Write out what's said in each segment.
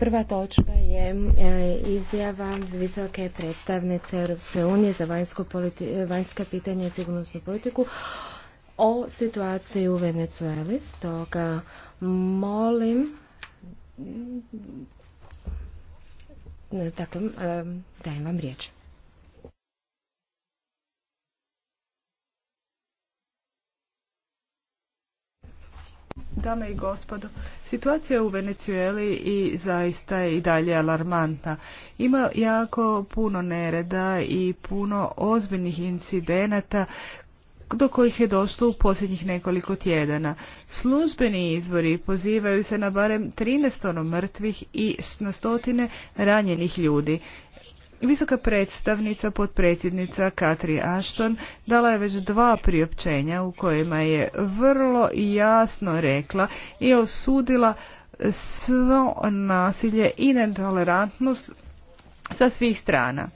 Prva točka je e, izjava visoke predstavnice Europske unije za vanjska pitanja i sigurnosnu politiku o situaciji u Venezueli. Stoga molim dakle, e, dajem vam riječ. Dame i gospodo, situacija u Venecijeli i zaista je i dalje alarmantna. Ima jako puno nereda i puno ozbiljnih incidenata do kojih je došlo u posljednjih nekoliko tjedana. Službeni izvori pozivaju se na barem 13 mrtvih i na stotine ranjenih ljudi. Visoka predstavnica potpredsjednica Katri Ashton dala je već dva priopćenja u kojima je vrlo jasno rekla i osudila svo nasilje i netolerantnost sa svih strana.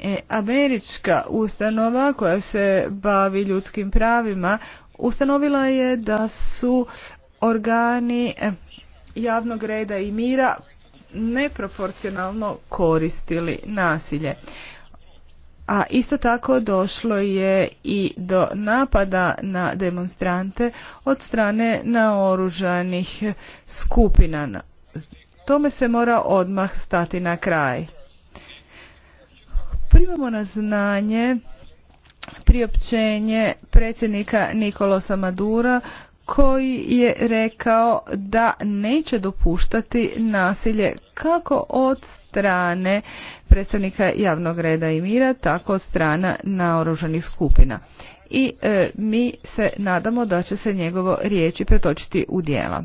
E, američka ustanova koja se bavi ljudskim pravima ustanovila je da su organi e, javnog reda i mira neproporcionalno koristili nasilje. A isto tako došlo je i do napada na demonstrante od strane naoružanih skupina. Tome se mora odmah stati na kraj. Primamo na znanje priopćenje predsjednika Nikolosa Madura koji je rekao da neće dopuštati nasilje kako od strane predstavnika javnog reda i mira, tako od strana naoružanih skupina. I e, mi se nadamo da će se njegovo riječi pretočiti u dijela.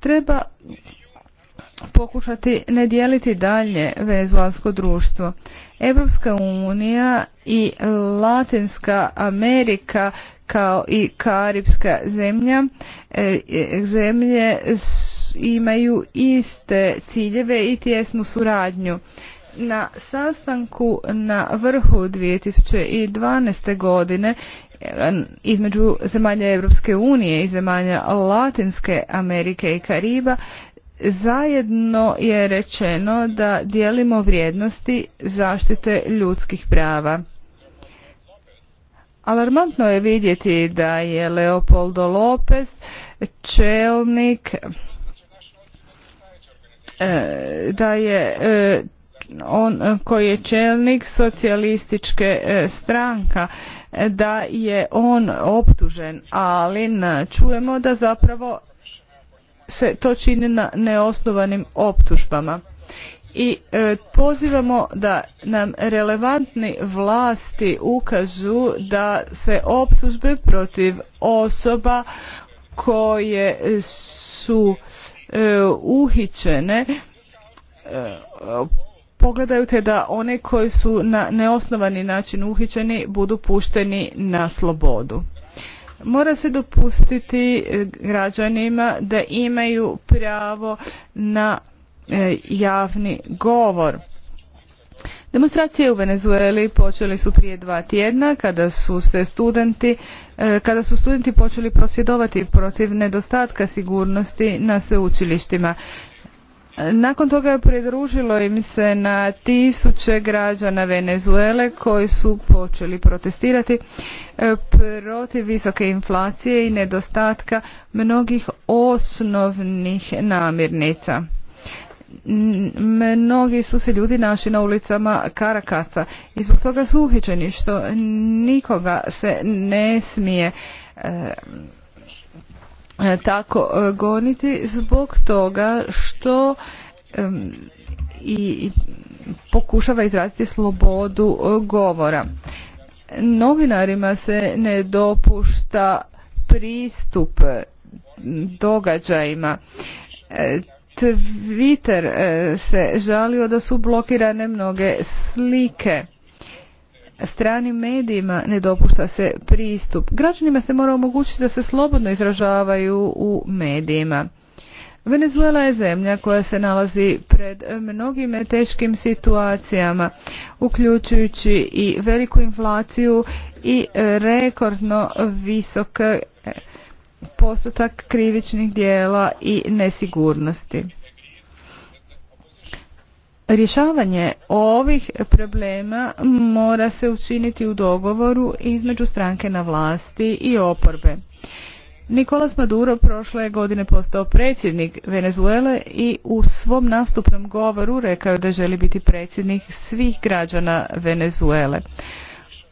Treba pokušati ne dijeliti dalje venezuelsko društvo. Evropska unija i Latinska Amerika kao i karipska zemlja e, e, zemlje imaju iste ciljeve i tjesnu suradnju na sastanku na vrhu 2012. godine e, između zemalja Europske unije i zemalja Latinske Amerike i Kariba zajedno je rečeno da dijelimo vrijednosti zaštite ljudskih prava Alarmantno je vidjeti da je Leopoldo Lopez čelnik e, da je e, on koji je čelnik socijalističke e, stranka da je on optužen ali čujemo da zapravo se to čini na neosnovanim optužbama i e, pozivamo da nam relevantni vlasti ukažu da se optužbe protiv osoba koje su e, uhićene e, pogledaju te da one koji su na neosnovani način uhićeni budu pušteni na slobodu mora se dopustiti e, građanima da imaju pravo na E, javni govor. Demonstracije u Venezueli počeli su prije dva tjedna kada su se studenti e, kada su studenti počeli prosvjedovati protiv nedostatka sigurnosti na sveučilištima. Nakon toga je pridružilo im se na tisuće građana Venezuele koji su počeli protestirati e, protiv visoke inflacije i nedostatka mnogih osnovnih namirnica mnogi su se ljudi našli na ulicama Karakaca i zbog toga su uhičeni što nikoga se ne smije eh, tako eh, goniti zbog toga što i pokušava izraziti slobodu eh, govora. Novinarima se ne dopušta pristup događajima. E, Twitter e, se žalio da su blokirane mnoge slike. Stranim medijima ne dopušta se pristup. Građanima se mora omogućiti da se slobodno izražavaju u medijima. Venezuela je zemlja koja se nalazi pred mnogim teškim situacijama, uključujući i veliku inflaciju i rekordno visok postotak krivičnih dijela i nesigurnosti. Rješavanje ovih problema mora se učiniti u dogovoru između stranke na vlasti i oporbe. Nikolas Maduro prošle godine postao predsjednik Venezuele i u svom nastupnom govoru rekao da želi biti predsjednik svih građana Venezuele.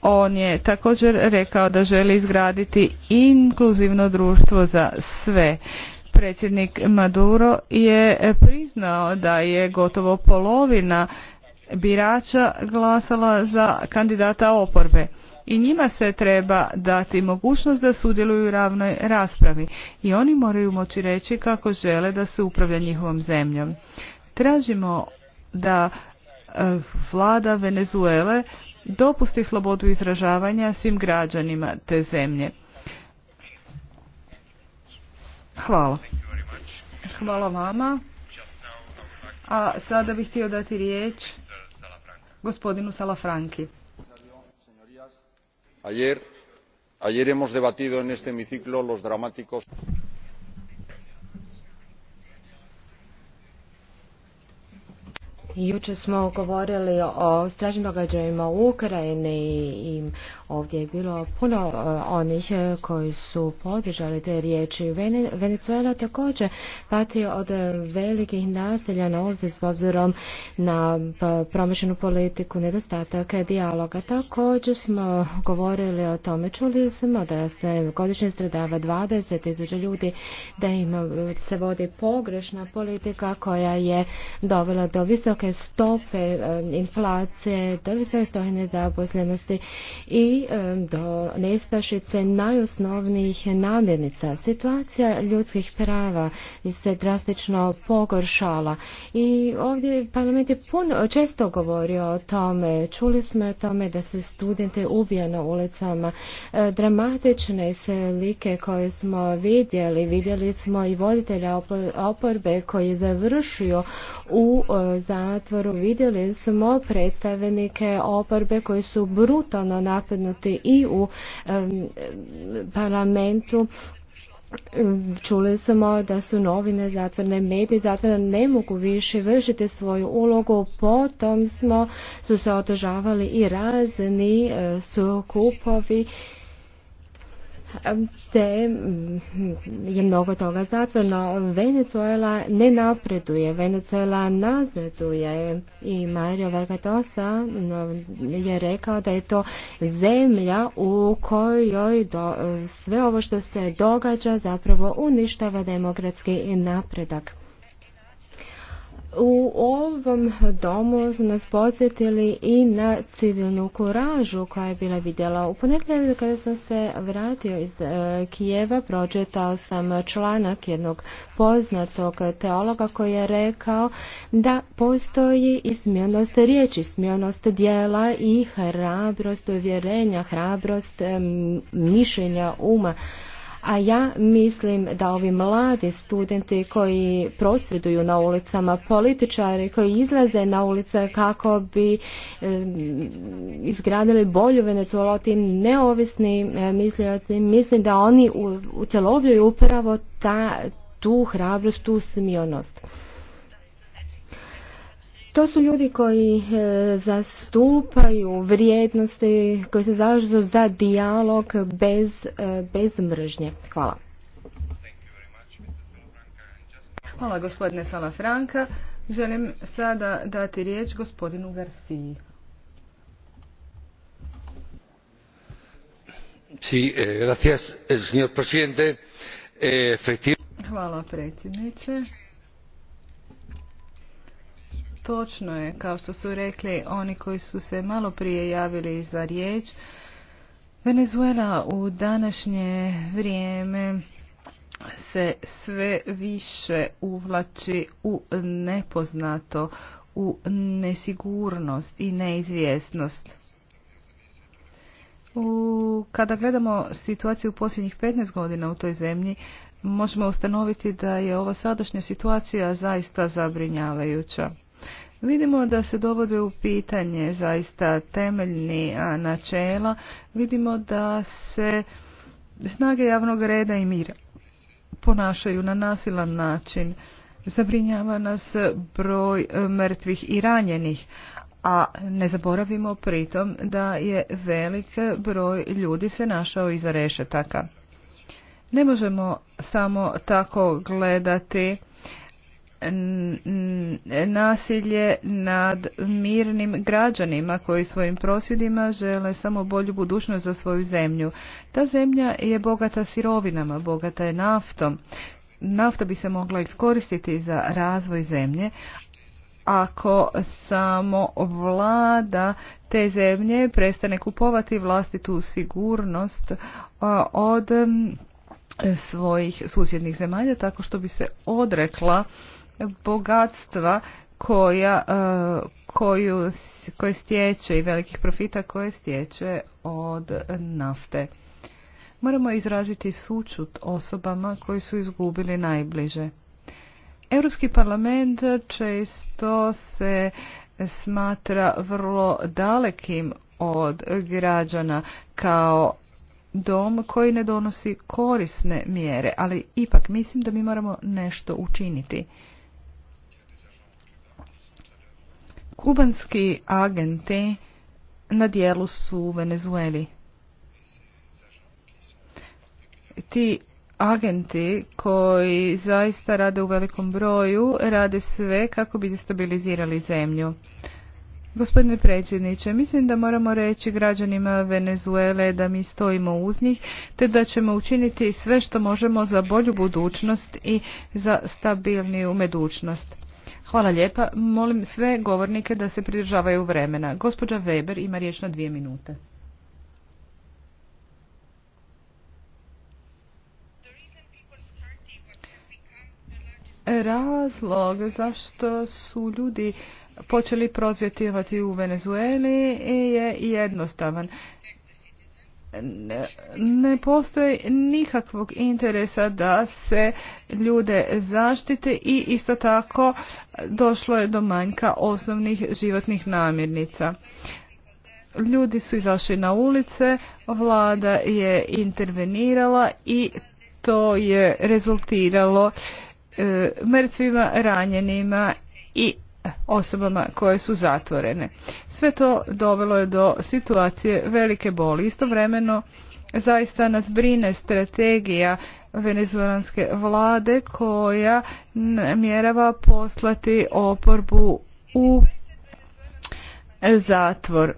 On je također rekao da želi izgraditi inkluzivno društvo za sve. Predsjednik Maduro je priznao da je gotovo polovina birača glasala za kandidata oporbe i njima se treba dati mogućnost da sudjeluju u ravnoj raspravi i oni moraju moći reći kako žele da se upravlja njihovom zemljom. Tražimo da eh, vlada Venezuele dopusti slobodu izražavanja svim građanima te zemlje. Hvala. Hvala vama. A sada bih htio dati riječ gospodinu Salafranki. Ayer, ayer hemos debatido en este hemiciclo los dramáticos. Juče smo govorili o stražnim događajima u Ukrajini i ovdje je bilo puno e, onih e, koji su podržali te riječi. Venezuela također pati od velikih nasilja na ulici s obzirom na promišljenu politiku, nedostatak dijaloga. Također smo govorili o tome, čuli smo da se godišnje stradava 20 tisuća ljudi, da im se vodi pogrešna politika koja je dovela do visoke stope inflacije, do visoke stope nezaposlenosti i do nestašice najosnovnijih namirnica. Situacija ljudskih prava se drastično pogoršala i ovdje parlament je puno, često govorio o tome, čuli smo o tome da e, se studente ubija na ulicama. Dramatične like koje smo vidjeli, vidjeli smo i voditelja oporbe koji je završio u za e, zatvoru vidjeli smo predstavnike oporbe koji su brutalno napadnuti i u parlamentu Čuli smo da su novine zatvorene, mediji zatvorene ne mogu više vršiti svoju ulogu, potom smo, su se otežavali i razni eh, sukupovi te mm, je mnogo toga zatvoreno. Venezuela ne napreduje, Venezuela nazaduje i Mario Vargatosa mm, je rekao da je to zemlja u kojoj sve ovo što se događa zapravo uništava demokratski napredak u ovom domu nas podsjetili i na civilnu kuražu koja je bila vidjela. U ponedjeljak kada sam se vratio iz e, Kijeva, pročitao sam članak jednog poznatog teologa koji je rekao da postoji i smjernost riječi, smjernost dijela i hrabrost uvjerenja, hrabrost mišljenja uma. A ja mislim da ovi mladi studenti koji prosvjeduju na ulicama, političari koji izlaze na ulice kako bi izgradili bolju Venezuelu, ti neovisni e, mislioci, mislim da oni utelovljuju upravo ta, tu hrabrost, tu smionost to su ljudi koji e, zastupaju vrijednosti, koji se zalažu za dijalog bez, e, bez mržnje. Hvala. Hvala gospodine Salafranka. Želim sada dati riječ gospodinu Garciji. Eh, eh, eh, Hvala predsjedniče točno je, kao što su rekli oni koji su se malo prije javili za riječ, Venezuela u današnje vrijeme se sve više uvlači u nepoznato, u nesigurnost i neizvjesnost. U, kada gledamo situaciju posljednjih 15 godina u toj zemlji, možemo ustanoviti da je ova sadašnja situacija zaista zabrinjavajuća. Vidimo da se dovode u pitanje zaista temeljni načela, vidimo da se snage javnog reda i mira ponašaju na nasilan način. Zabrinjava nas broj e, mrtvih i ranjenih, a ne zaboravimo pritom da je velik broj ljudi se našao iza rešetaka. Ne možemo samo tako gledati nasilje nad mirnim građanima koji svojim prosvjedima žele samo bolju budućnost za svoju zemlju. Ta zemlja je bogata sirovinama, bogata je naftom. Nafta bi se mogla iskoristiti za razvoj zemlje ako samo vlada te zemlje prestane kupovati vlastitu sigurnost od svojih susjednih zemalja tako što bi se odrekla bogatstva koja, e, koju, koje stječe i velikih profita koje stječe od nafte. Moramo izraziti sučut osobama koji su izgubili najbliže. Europski parlament često se smatra vrlo dalekim od građana kao dom koji ne donosi korisne mjere, ali ipak mislim da mi moramo nešto učiniti. kubanski agenti na dijelu su u Venezueli. Ti agenti koji zaista rade u velikom broju rade sve kako bi destabilizirali zemlju. Gospodine predsjedniče, mislim da moramo reći građanima Venezuele da mi stojimo uz njih te da ćemo učiniti sve što možemo za bolju budućnost i za stabilniju medućnost. Hvala lijepa. Molim sve govornike da se pridržavaju vremena. Gospođa Weber ima riječ na dvije minute. Razlog zašto su ljudi počeli prozvjetivati u Venezueli je jednostavan ne postoji nikakvog interesa da se ljude zaštite i isto tako došlo je do manjka osnovnih životnih namirnica. Ljudi su izašli na ulice, vlada je intervenirala i to je rezultiralo e, mrtvima, ranjenima i osobama koje su zatvorene. Sve to dovelo je do situacije velike boli. Istovremeno zaista nas brine strategija venezuelanske vlade koja namjerava poslati oporbu u zatvor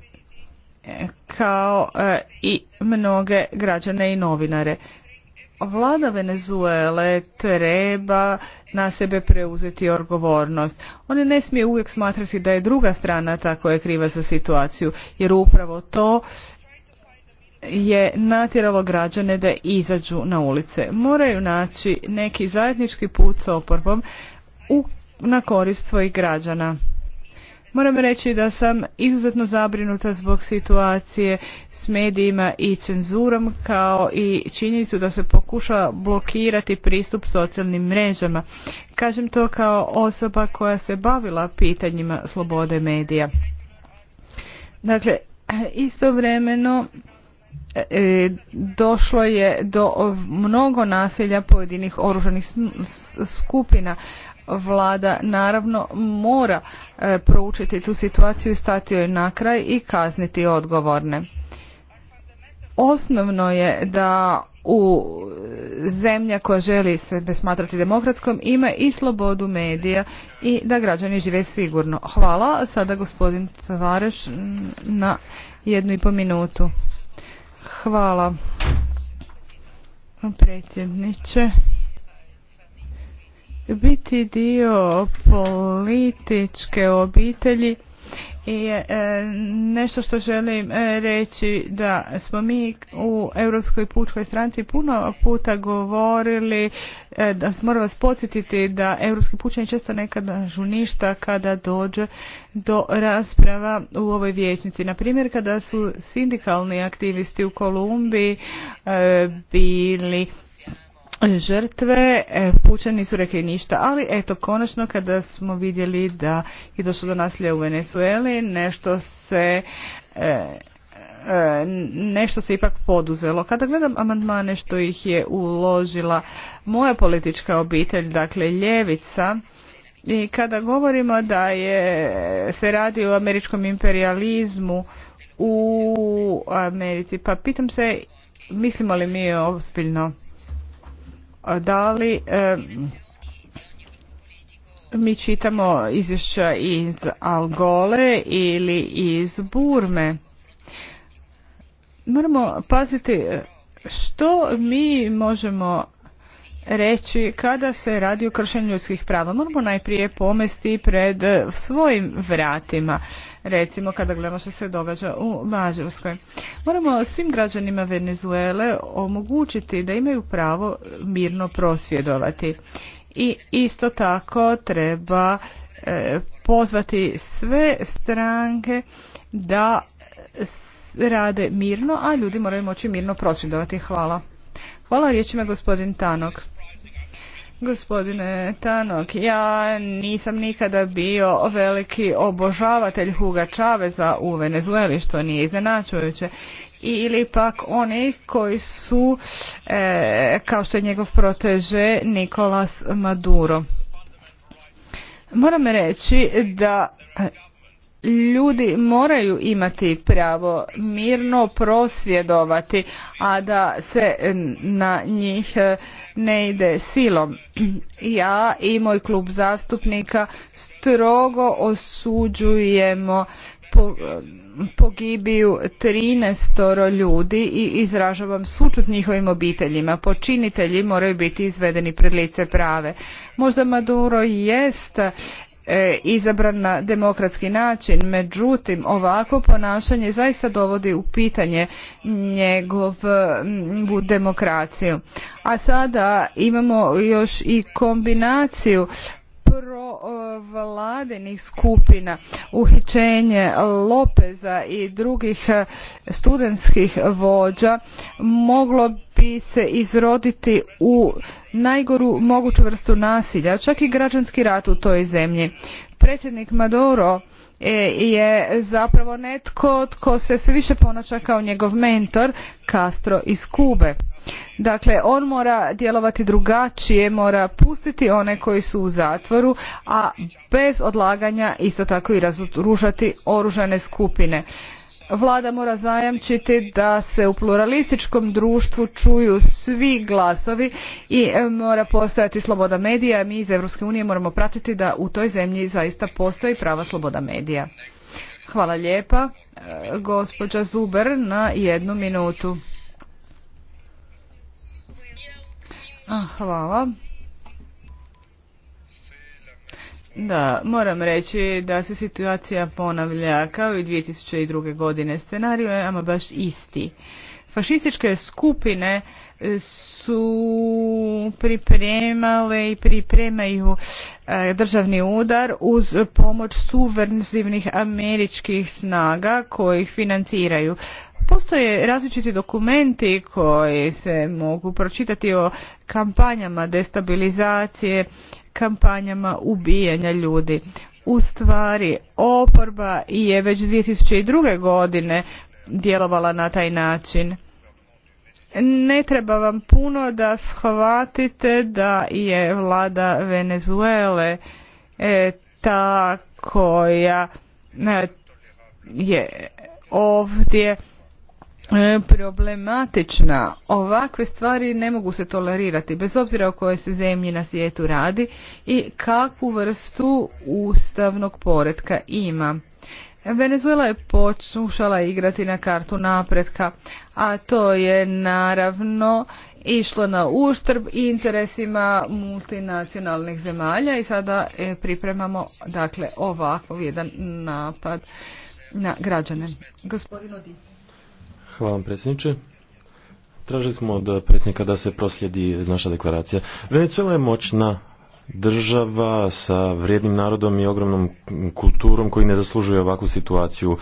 e, kao e, i mnoge građane i novinare. Vlada Venezuele treba na sebe preuzeti odgovornost. One ne smije uvijek smatrati da je druga strana ta koja je kriva za situaciju, jer upravo to je natjeralo građane da izađu na ulice. Moraju naći neki zajednički put s oporbom na korist svojih građana. Moram reći da sam izuzetno zabrinuta zbog situacije s medijima i cenzurom kao i činjenicu da se pokuša blokirati pristup socijalnim mrežama. Kažem to kao osoba koja se bavila pitanjima slobode medija. Dakle, istovremeno e, došlo je do mnogo nasilja pojedinih oružanih skupina vlada naravno mora e, proučiti tu situaciju, i stati joj na kraj i kazniti odgovorne. Osnovno je da u e, zemlja koja želi se smatrati demokratskom ima i slobodu medija i da građani žive sigurno. Hvala. Sada gospodin Tvareš na jednu i po minutu. Hvala predsjedniče biti dio političke obitelji i e, nešto što želim e, reći da smo mi u Europskoj pučkoj stranci puno puta govorili e, da moram vas podsjetiti da europski pučani često nekada žuništa kada dođe do rasprava u ovoj vijećnici. Na primjer kada su sindikalni aktivisti u Kolumbiji bili žrtve, e, pučani su rekli ništa, ali eto konačno kada smo vidjeli da je došlo do nasilja u Venezueli, nešto se e, e, nešto se ipak poduzelo. Kada gledam amandmane što ih je uložila moja politička obitelj, dakle ljevica, i kada govorimo da je, se radi o američkom imperializmu u Americi, pa pitam se mislimo li mi ozbiljno da li mi čitamo izvješća iz Algole ili iz Burme. Moramo paziti što mi možemo reći kada se radi o kršenju ljudskih prava. Moramo najprije pomesti pred svojim vratima, recimo kada gledamo što se događa u Mađarskoj. Moramo svim građanima Venezuele omogućiti da imaju pravo mirno prosvjedovati. I isto tako treba e, pozvati sve stranke da rade mirno, a ljudi moraju moći mirno prosvjedovati. Hvala. Hvala riječima gospodin Tanok. Gospodine Tanok, ja nisam nikada bio veliki obožavatelj Huga Čaveza u Venezueli, što nije iznenačujuće. Ili pak oni koji su, e, kao što je njegov proteže, Nikolas Maduro. Moram reći da ljudi moraju imati pravo mirno prosvjedovati, a da se na njih e, ne ide silom. Ja i moj klub zastupnika strogo osuđujemo pogibiju 13 ljudi i izražavam sučut njihovim obiteljima. Počinitelji moraju biti izvedeni pred lice prave. Možda Maduro jest E, izabran na demokratski način međutim ovako ponašanje zaista dovodi u pitanje njegovu demokraciju a sada imamo još i kombinaciju provladinih skupina uhićenje Lopeza i drugih e, studentskih vođa moglo bi se izroditi u najgoru moguću vrstu nasilja, čak i građanski rat u toj zemlji. Predsjednik Maduro e, je zapravo netko tko se sve više ponaša kao njegov mentor Castro iz Kube. Dakle, on mora djelovati drugačije, mora pustiti one koji su u zatvoru, a bez odlaganja isto tako i razrušati oružane skupine vlada mora zajamčiti da se u pluralističkom društvu čuju svi glasovi i e, mora postojati sloboda medija. Mi iz Europske unije moramo pratiti da u toj zemlji zaista postoji prava sloboda medija. Hvala lijepa. E, gospođa Zuber na jednu minutu. Hvala. Da, moram reći da se situacija ponavlja kao i 2002. godine. Scenario je ama baš isti. Fašističke skupine e, su pripremale i pripremaju e, državni udar uz pomoć suvernzivnih američkih snaga koji ih financiraju. Postoje različiti dokumenti koji se mogu pročitati o kampanjama destabilizacije kampanjama ubijanja ljudi. U stvari, oporba je već 2002. godine djelovala na taj način. Ne treba vam puno da shvatite da je vlada Venezuele e, ta koja e, je ovdje E, problematična. Ovakve stvari ne mogu se tolerirati, bez obzira o kojoj se zemlji na svijetu radi i kakvu vrstu ustavnog poretka ima. Venezuela je počušala igrati na kartu napretka, a to je naravno išlo na uštrb interesima multinacionalnih zemalja i sada e, pripremamo dakle ovakav jedan napad na građane. Gospodin Hvala vam predsjedniče. Tražili smo od predsjednika da se proslijedi naša deklaracija. Venezuela je moćna država sa vrijednim narodom i ogromnom kulturom koji ne zaslužuje ovakvu situaciju.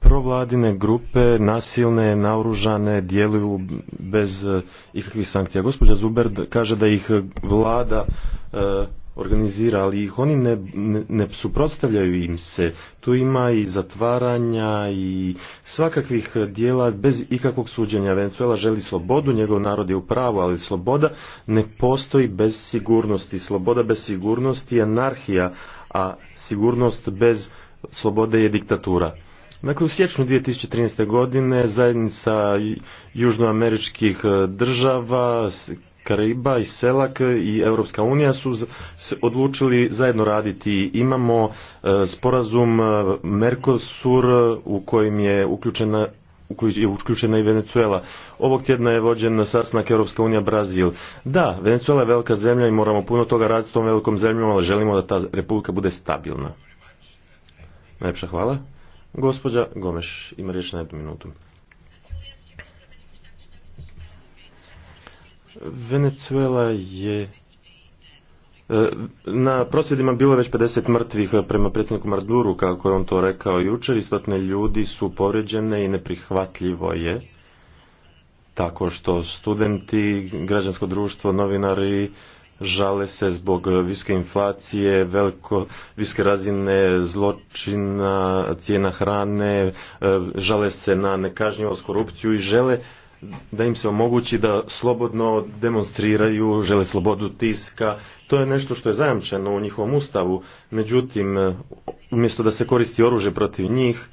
Provladine grupe, nasilne, naoružane, djeluju bez eh, ikakvih sankcija. Gospođa Zuber kaže da ih vlada eh, organizira, ali ih oni ne, ne, ne suprotstavljaju im se. Tu ima i zatvaranja i svakakvih dijela bez ikakvog suđenja. Venezuela želi slobodu, njegov narod je u pravu, ali sloboda ne postoji bez sigurnosti. Sloboda bez sigurnosti je anarhija, a sigurnost bez slobode je diktatura. Dakle, u siječnju 2013. godine zajednica južnoameričkih država Kariba i Selak i Europska unija su se odlučili zajedno raditi. Imamo e, sporazum e, Mercosur e, u kojem je uključena u koji je uključena i Venezuela. Ovog tjedna je vođen sastanak Europska unija Brazil. Da, Venezuela je velika zemlja i moramo puno toga raditi s tom velikom zemljom, ali želimo da ta republika bude stabilna. Najpša hvala. Gospođa Gomeš ima riječ na jednu minutu. Venezuela je e, na prosvjedima bilo već 50 mrtvih e, prema predsjedniku Marduru, kako je on to rekao jučer, istotne ljudi su povrijeđene i neprihvatljivo je tako što studenti, građansko društvo, novinari žale se zbog viske inflacije, veliko, viske razine zločina, cijena hrane, e, žale se na nekažnjivost korupciju i žele da im se omogući da slobodno demonstriraju, žele slobodu tiska. To je nešto što je zajamčeno u njihovom ustavu. Međutim, umjesto da se koristi oružje protiv njih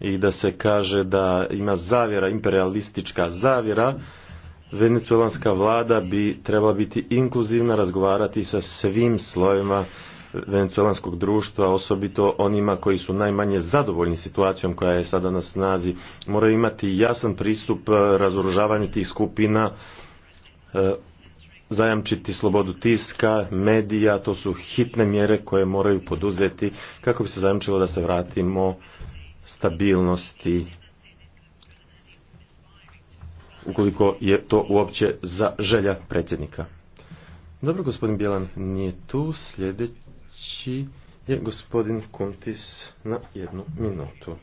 i da se kaže da ima zavjera, imperialistička zavjera, venecuelanska vlada bi trebala biti inkluzivna, razgovarati sa svim slojevima venecuelanskog društva, osobito onima koji su najmanje zadovoljni situacijom koja je sada na snazi. Moraju imati jasan pristup e, razoružavanju tih skupina, e, zajamčiti slobodu tiska, medija, to su hitne mjere koje moraju poduzeti kako bi se zajamčilo da se vratimo stabilnosti ukoliko je to uopće za želja predsjednika. Dobro, gospodin Bjelan nije tu, sljedeći je gospodin Kuntis na jednu minutu.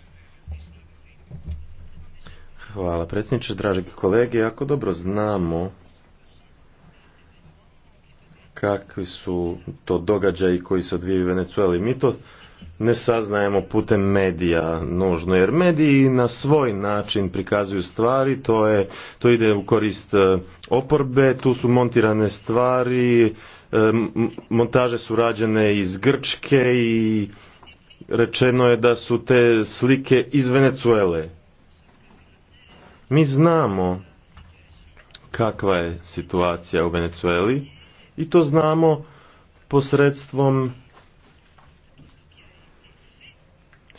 Hvala predsjedniče, draži kolege. Ako dobro znamo kakvi su to događaji koji se odvijaju u Venecueli, mi to ne saznajemo putem medija nužno, jer mediji na svoj način prikazuju stvari, to, je, to ide u korist e, oporbe, tu su montirane stvari, e, montaže su rađene iz Grčke i rečeno je da su te slike iz Venecuele. Mi znamo kakva je situacija u Venecueli i to znamo posredstvom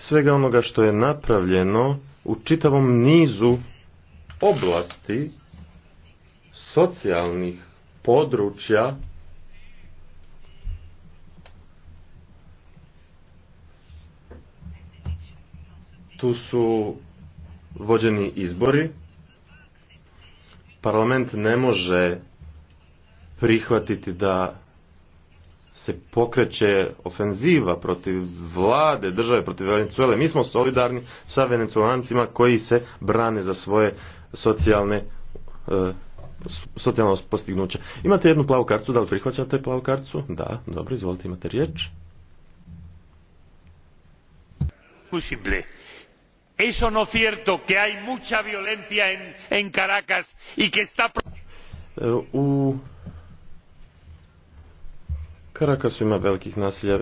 svega onoga što je napravljeno u čitavom nizu oblasti socijalnih područja tu su vođeni izbori parlament ne može prihvatiti da se pokreće ofenziva protiv vlade, države, protiv Venezuele. Mi smo solidarni sa venezuelancima koji se brane za svoje socijalne e, socijalno postignuće. Imate jednu plavu karcu? da li prihvaćate plavu karcu? Da, dobro, izvolite, imate riječ. Posible. Eso no cierto que hay mucha violencia en, en Caracas y que está... E, u Karakasu ima velikih nasilja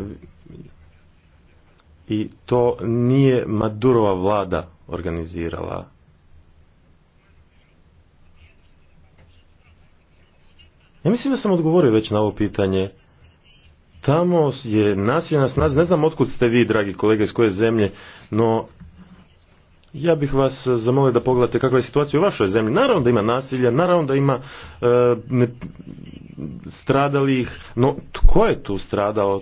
i to nije Madurova vlada organizirala. Ja mislim da sam odgovorio već na ovo pitanje. Tamo je nasilje na ne znam otkud ste vi, dragi kolege, iz koje zemlje, no ja bih vas zamolio da pogledate kakva je situacija u vašoj zemlji. Naravno da ima nasilja, naravno da ima e, ne, stradalih, no tko je tu stradao?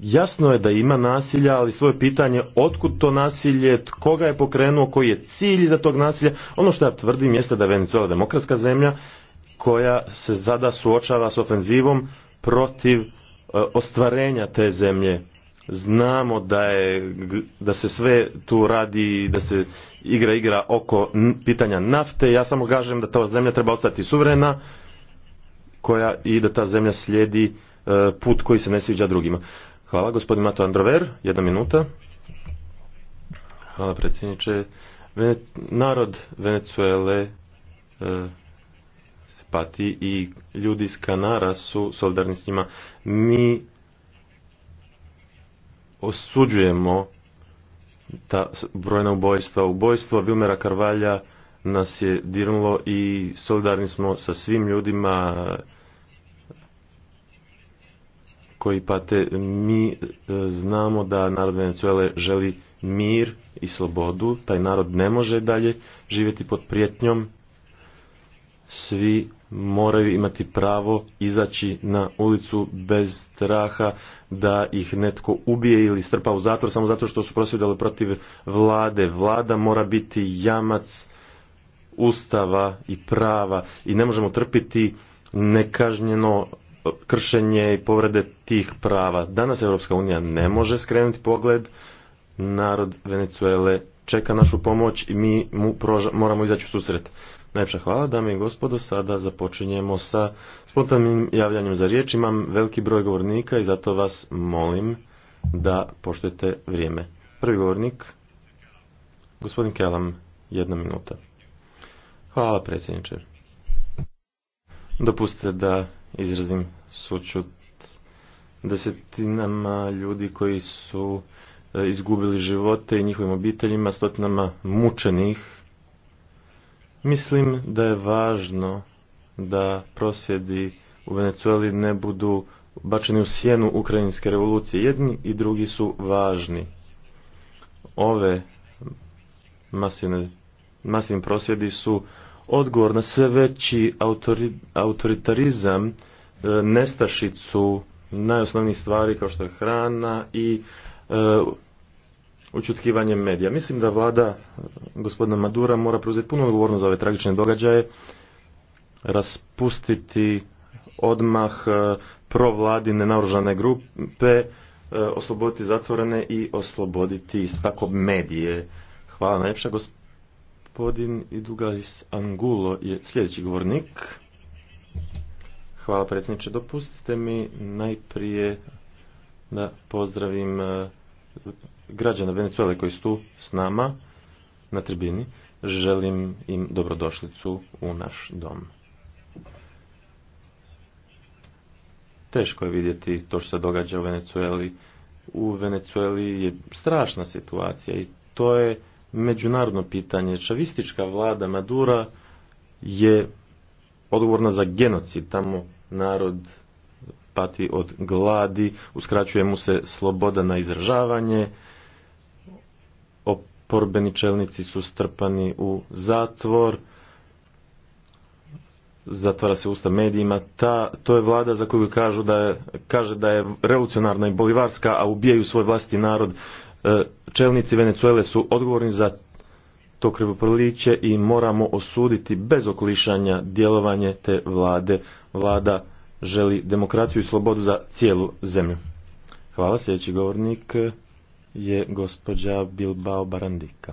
Jasno je da ima nasilja, ali svoje pitanje otkud to nasilje, koga je pokrenuo, koji je cilj za tog nasilja. Ono što ja tvrdim jeste da je Venezuela demokratska zemlja koja se sada suočava s ofenzivom protiv e, ostvarenja te zemlje znamo da, je, da se sve tu radi, da se igra igra oko pitanja nafte. Ja samo kažem da ta zemlja treba ostati suverena koja i da ta zemlja slijedi e, put koji se ne sviđa drugima. Hvala gospodin Mato Androver, jedna minuta. Hvala predsjedniče. Narod Venezuele e, pati i ljudi iz Kanara su solidarni s njima. Mi osuđujemo ta brojna ubojstva. Ubojstvo Vilmera Karvalja nas je dirnulo i solidarni smo sa svim ljudima koji pate. Mi e, znamo da narod Venezuele želi mir i slobodu. Taj narod ne može dalje živjeti pod prijetnjom. Svi moraju imati pravo izaći na ulicu bez straha da ih netko ubije ili strpa u zatvor samo zato što su prosvjedali protiv vlade. Vlada mora biti jamac ustava i prava i ne možemo trpiti nekažnjeno kršenje i povrede tih prava. Danas Europska unija ne može skrenuti pogled. Narod Venezuele čeka našu pomoć i mi moramo izaći u susret. Najpša hvala, dame i gospodo. Sada započinjemo sa spontanim javljanjem za riječ. Imam veliki broj govornika i zato vas molim da poštujete vrijeme. Prvi govornik, gospodin Kelam, jedna minuta. Hvala, predsjedniče. Dopustite da izrazim sučut desetinama ljudi koji su e, izgubili živote i njihovim obiteljima, stotinama mučenih Mislim da je važno da prosvjedi u Venecueli ne budu bačeni u sjenu ukrajinske revolucije. Jedni i drugi su važni. Ove masivne, prosvjedi su odgovor na sve veći autoritarizam, e, nestašicu najosnovnijih stvari kao što je hrana i e, učutkivanjem medija. Mislim da vlada e, gospodina Madura mora preuzeti puno odgovornost za ove tragične događaje, raspustiti odmah e, provladine naoružane grupe, e, osloboditi zatvorene i osloboditi isto tako medije. Hvala najljepša. Gospodin Idugalis Angulo je sljedeći govornik. Hvala predsjedniče. Dopustite mi najprije da pozdravim građana Venezuele koji su tu s nama na tribini, želim im dobrodošlicu u naš dom. Teško je vidjeti to što se događa u Venezueli. U Venezueli je strašna situacija i to je međunarodno pitanje. Čavistička vlada Madura je odgovorna za genocid. Tamo narod pati od gladi, uskraćuje mu se sloboda na izražavanje, oporbeni čelnici su strpani u zatvor, zatvara se usta medijima. Ta, to je vlada za koju kažu da je, kaže da je revolucionarna i bolivarska, a ubijaju svoj vlasti narod. E, čelnici Venecuele su odgovorni za to krvoproliće i moramo osuditi bez okolišanja djelovanje te vlade. Vlada želi demokraciju i slobodu za cijelu zemlju. Hvala, sljedeći govornik je gospođa Bilbao Barandika.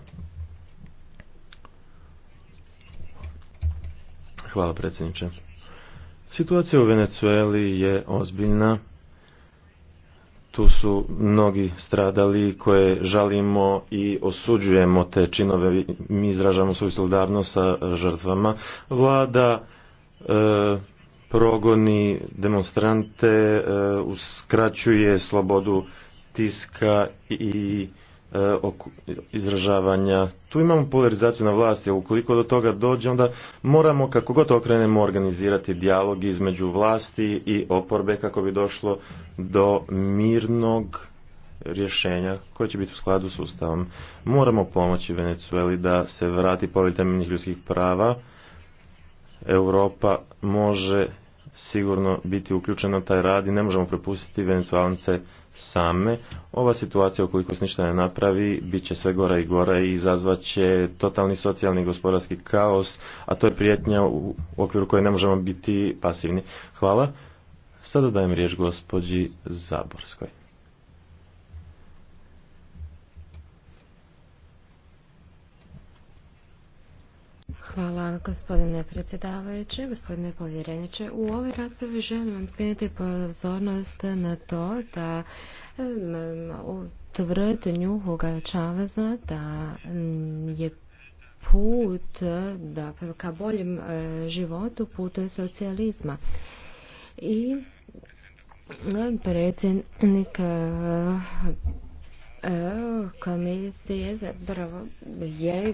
Hvala predsjedniče. Situacija u Venecueli je ozbiljna. Tu su mnogi stradali koje žalimo i osuđujemo te činove. Mi izražamo svoju solidarnost sa žrtvama. Vlada e, progoni demonstrante, e, uskraćuje slobodu tiska i e, izražavanja. Tu imamo polarizaciju na vlasti, a ukoliko do toga dođe, onda moramo, kako god okrenemo, organizirati dijalog između vlasti i oporbe kako bi došlo do mirnog rješenja koje će biti u skladu s Ustavom. Moramo pomoći Venecueli da se vrati povijel temeljnih ljudskih prava. Europa može sigurno biti uključena na taj rad i ne možemo prepustiti Venecualnice same. Ova situacija ukoliko se ništa ne napravi bit će sve gora i gora i izazvat će totalni socijalni i gospodarski kaos, a to je prijetnja u okviru koje ne možemo biti pasivni. Hvala. Sada dajem riječ gospođi Zaborskoj. Hvala gospodine predsjedavajući, gospodine povjereniče. U ovoj raspravi želim vam skrenuti pozornost na to da u tvrdnju Huga Čaveza da je put da, ka boljem e, životu putuje socijalizma. I predsjednik e, e, komisije zapravo je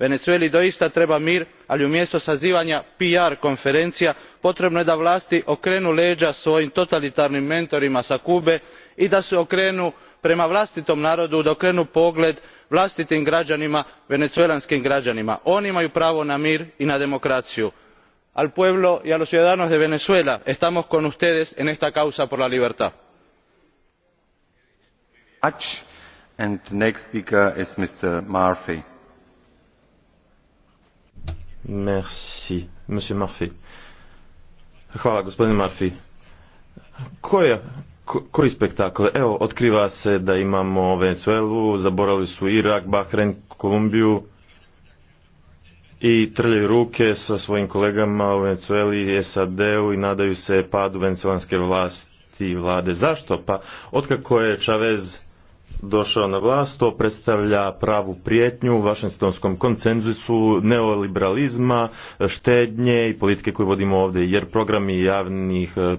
venezueli doista treba mir ali umjesto sazivanja PR konferencija potrebno je da vlasti okrenu leđa svojim totalitarnim mentorima s kube i da se okrenu prema vlastitom narodu da okrenu pogled vlastitim građanima venezuelanskim građanima. oni imaju pravo na mir i na demokraciju. al pueblo y a los ciudadanos de venezuela estamos con ustedes en esta causa por la libertad. next Merci. Monsieur Hvala gospodine Marfi. koji spektakl? Evo, otkriva se da imamo Venezuelu, zaborali su Irak, Bahrein, Kolumbiju i trljaju ruke sa svojim kolegama u Venezueli, SAD-u i nadaju se padu venezuelanske vlasti vlade. Zašto? Pa otkako je Čavez došao na vlast, to predstavlja pravu prijetnju u konsenzusu, koncenzusu neoliberalizma, štednje i politike koje vodimo ovdje, jer programi javnih e,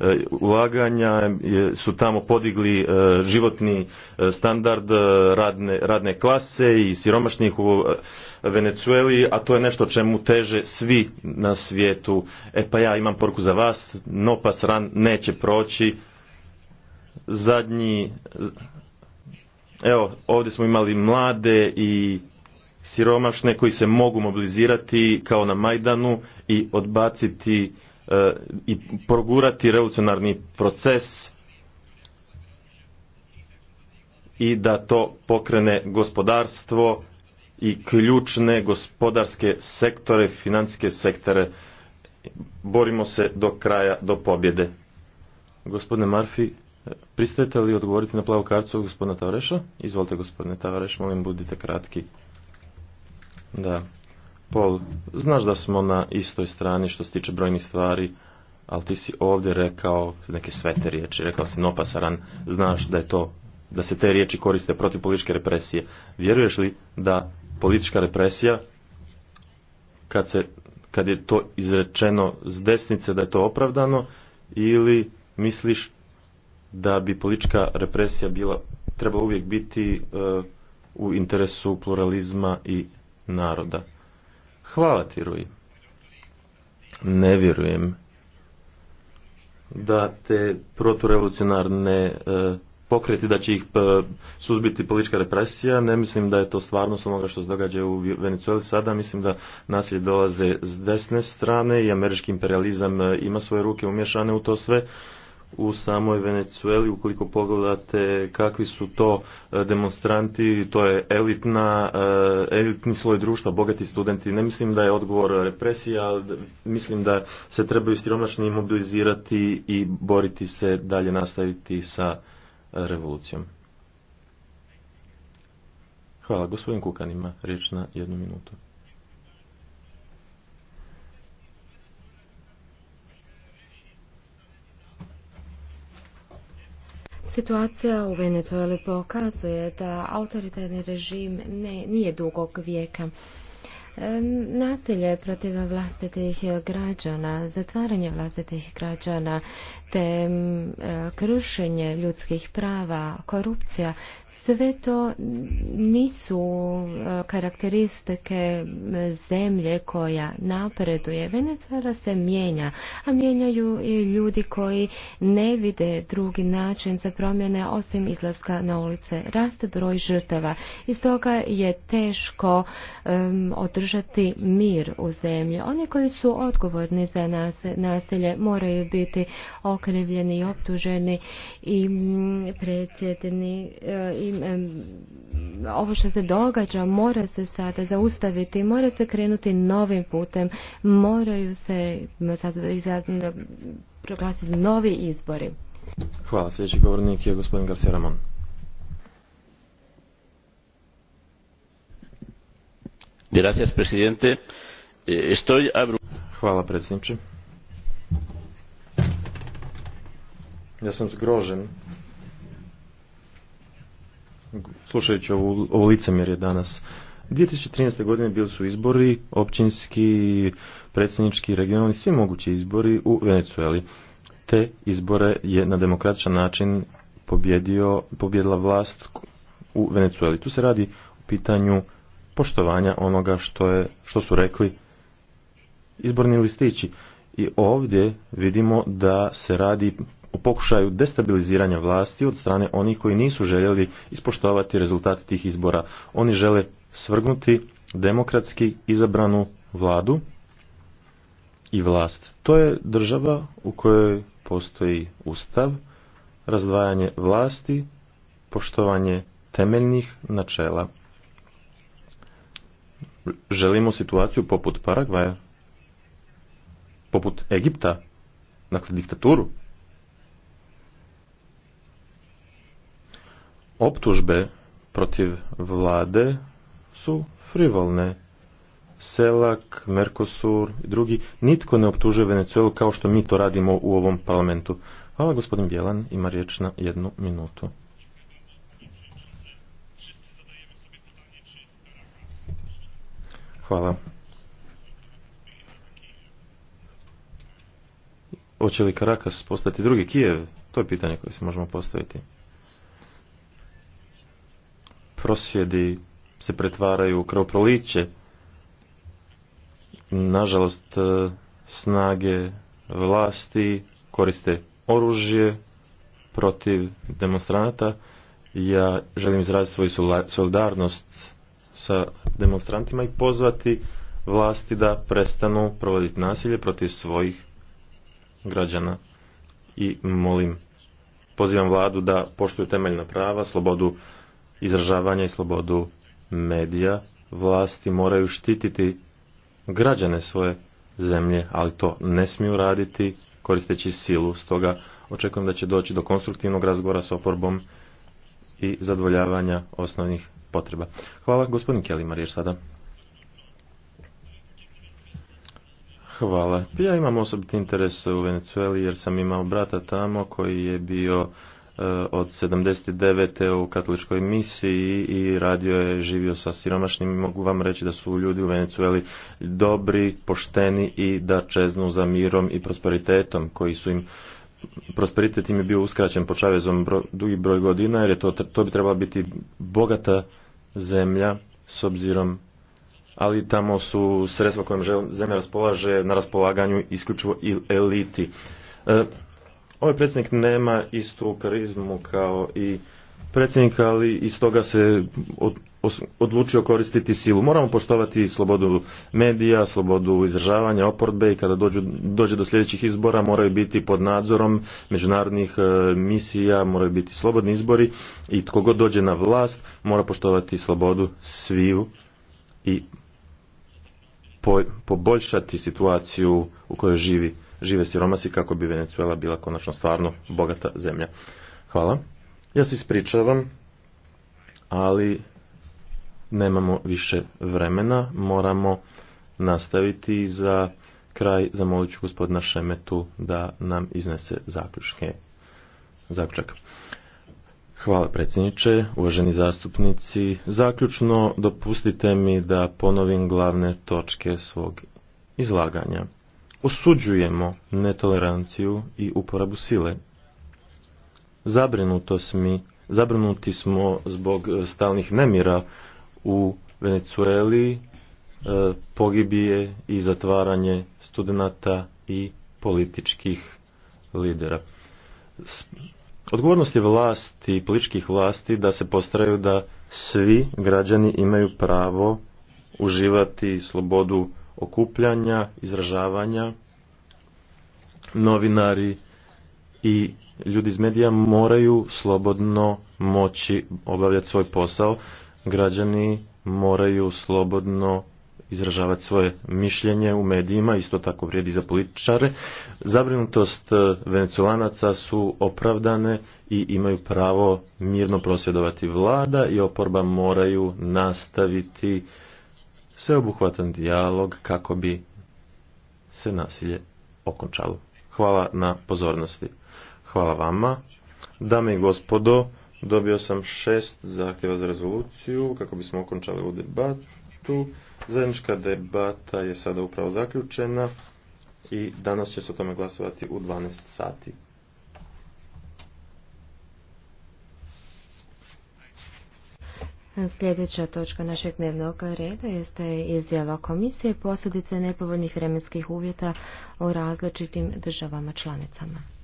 e, ulaganja e, su tamo podigli životni standard radne, radne klase i siromašnih u Venecueli, a to je nešto čemu teže svi na svijetu. E pa ja imam poruku za vas, no pas ran neće proći, zadnji, evo ovdje smo imali mlade i siromašne koji se mogu mobilizirati kao na Majdanu i odbaciti e, i progurati revolucionarni proces i da to pokrene gospodarstvo i ključne gospodarske sektore, financijske sektore. Borimo se do kraja, do pobjede. Gospodine Marfi, Pristajete li odgovoriti na plavu karcu gospodina Tavareša? Izvolite gospodine Tavareš, molim budite kratki. Da. Pol, znaš da smo na istoj strani što se tiče brojnih stvari, ali ti si ovdje rekao neke svete riječi, rekao si nopasaran, znaš da je to, da se te riječi koriste protiv političke represije. Vjeruješ li da politička represija, kad, se, kad je to izrečeno s desnice, da je to opravdano, ili misliš da bi politička represija bila, treba uvijek biti e, u interesu pluralizma i naroda. Hvala ti, Rui. Ne vjerujem da te proturevolucionarne e, pokreti da će ih e, suzbiti politička represija. Ne mislim da je to stvarnost onoga što se događa u Venezueli sada. Mislim da nasilje dolaze s desne strane i američki imperializam ima svoje ruke umješane u to sve u samoj Venecueli, ukoliko pogledate kakvi su to e, demonstranti, to je elitna, e, elitni sloj društva, bogati studenti. Ne mislim da je odgovor represija, ali mislim da se trebaju siromašni mobilizirati i boriti se dalje nastaviti sa revolucijom. Hvala, gospodin Kukan ima riječ na jednu minutu. Situacija u Venezueli pokazuje da autoritarni režim ne, nije dugog vijeka. Nasilje protiv vlastitih građana, zatvaranje vlastitih građana, te krušenje ljudskih prava, korupcija, sve to nisu e, karakteristike zemlje koja napreduje. Venezuela se mijenja, a mijenjaju i ljudi koji ne vide drugi način za promjene osim izlaska na ulice. Raste broj žrtava. i stoga je teško održati održati mir u zemlji. Oni koji su odgovorni za nasilje moraju biti okrivljeni i optuženi i mm, predsjedni. E, ovo što se događa mora se sada zaustaviti, mora se krenuti novim putem, moraju se proglasiti novi izbori. Hvala. Sljedeći govornik je gospodin Garcia Ramon. Eh, Hvala, predsjedniče. Ja sam zgrožen. Slušajući ovo, danas. licemjerje danas. 2013. godine bili su izbori, općinski, predsjednički, regionalni, svi mogući izbori u Venezueli Te izbore je na demokratičan način pobjedio, pobjedila vlast u Venezueli Tu se radi o pitanju poštovanja onoga što, je, što su rekli izborni listići. I ovdje vidimo da se radi o pokušaju destabiliziranja vlasti od strane onih koji nisu željeli ispoštovati rezultate tih izbora. Oni žele svrgnuti demokratski izabranu vladu i vlast. To je država u kojoj postoji ustav, razdvajanje vlasti, poštovanje temeljnih načela. Želimo situaciju poput Paragvaja, poput Egipta, dakle diktaturu. Optužbe protiv vlade su frivolne. Selak, Merkosur i drugi, nitko ne optužuje Venecuelu kao što mi to radimo u ovom parlamentu. Hvala gospodin Bjelan, ima riječ na jednu minutu. Hvala. Hoće li Karakas postati drugi Kijev? To je pitanje koje se možemo postaviti. Prosvjedi se pretvaraju u krvoproliće. Nažalost, e, snage vlasti koriste oružje protiv demonstranata. Ja želim izraziti svoju solidarnost sa demonstrantima i pozvati vlasti da prestanu provoditi nasilje protiv svojih građana. I molim, pozivam vladu da poštuju temeljna prava, slobodu izražavanja i slobodu medija. Vlasti moraju štititi građane svoje zemlje, ali to ne smiju raditi koristeći silu. Stoga očekujem da će doći do konstruktivnog razgovora s oporbom i zadovoljavanja osnovnih potreba. Hvala. Gospodin Kelly sada. Hvala. Pa ja imam osobiti interes u Venecueli jer sam imao brata tamo koji je bio eh, od 79. u katoličkoj misiji i radio je, živio sa siromašnim mogu vam reći da su ljudi u Venecueli dobri, pošteni i da čeznu za mirom i prosperitetom koji su im prosperitet im je bio uskraćen po Čavezom dugi broj godina jer je to, to bi trebala biti bogata zemlja s obzirom ali tamo su sredstva kojim zemlja raspolaže na raspolaganju isključivo eliti. E, ovaj predsjednik nema istu karizmu kao i predsjednik, ali iz toga se od, odlučio koristiti silu. Moramo poštovati slobodu medija, slobodu izražavanja, oporbe i kada dođu, dođe do sljedećih izbora moraju biti pod nadzorom međunarodnih e, misija, moraju biti slobodni izbori i tko god dođe na vlast mora poštovati slobodu sviju i poboljšati situaciju u kojoj živi, žive siromasi kako bi Venezuela bila konačno stvarno bogata zemlja. Hvala. Ja se ispričavam, ali nemamo više vremena, moramo nastaviti za kraj zamolit ću gospodina Šemetu da nam iznese zaključke. Zaključak. Hvala predsjedniče, uvaženi zastupnici. Zaključno dopustite mi da ponovim glavne točke svog izlaganja. Osuđujemo netoleranciju i uporabu sile. Zabrinuto mi, zabrinuti smo zbog stalnih nemira u Venecueli, e, pogibije i zatvaranje studenata i političkih lidera. Odgovornost je vlasti, političkih vlasti da se postaraju da svi građani imaju pravo uživati slobodu okupljanja, izražavanja. Novinari i ljudi iz medija moraju slobodno moći obavljati svoj posao građani moraju slobodno izražavati svoje mišljenje u medijima, isto tako vrijedi za političare. Zabrinutost e, venecolanaca su opravdane i imaju pravo mirno prosvjedovati vlada i oporba moraju nastaviti sveobuhvatan dijalog kako bi se nasilje okončalo. Hvala na pozornosti. Hvala vama. Dame i gospodo, Dobio sam šest zahtjeva za rezoluciju kako bismo okončali ovu debatu. Zajednička debata je sada upravo zaključena i danas će se o tome glasovati u 12 sati. Sljedeća točka našeg dnevnog reda jeste izjava komisije posljedice nepovoljnih vremenskih uvjeta o različitim državama članicama.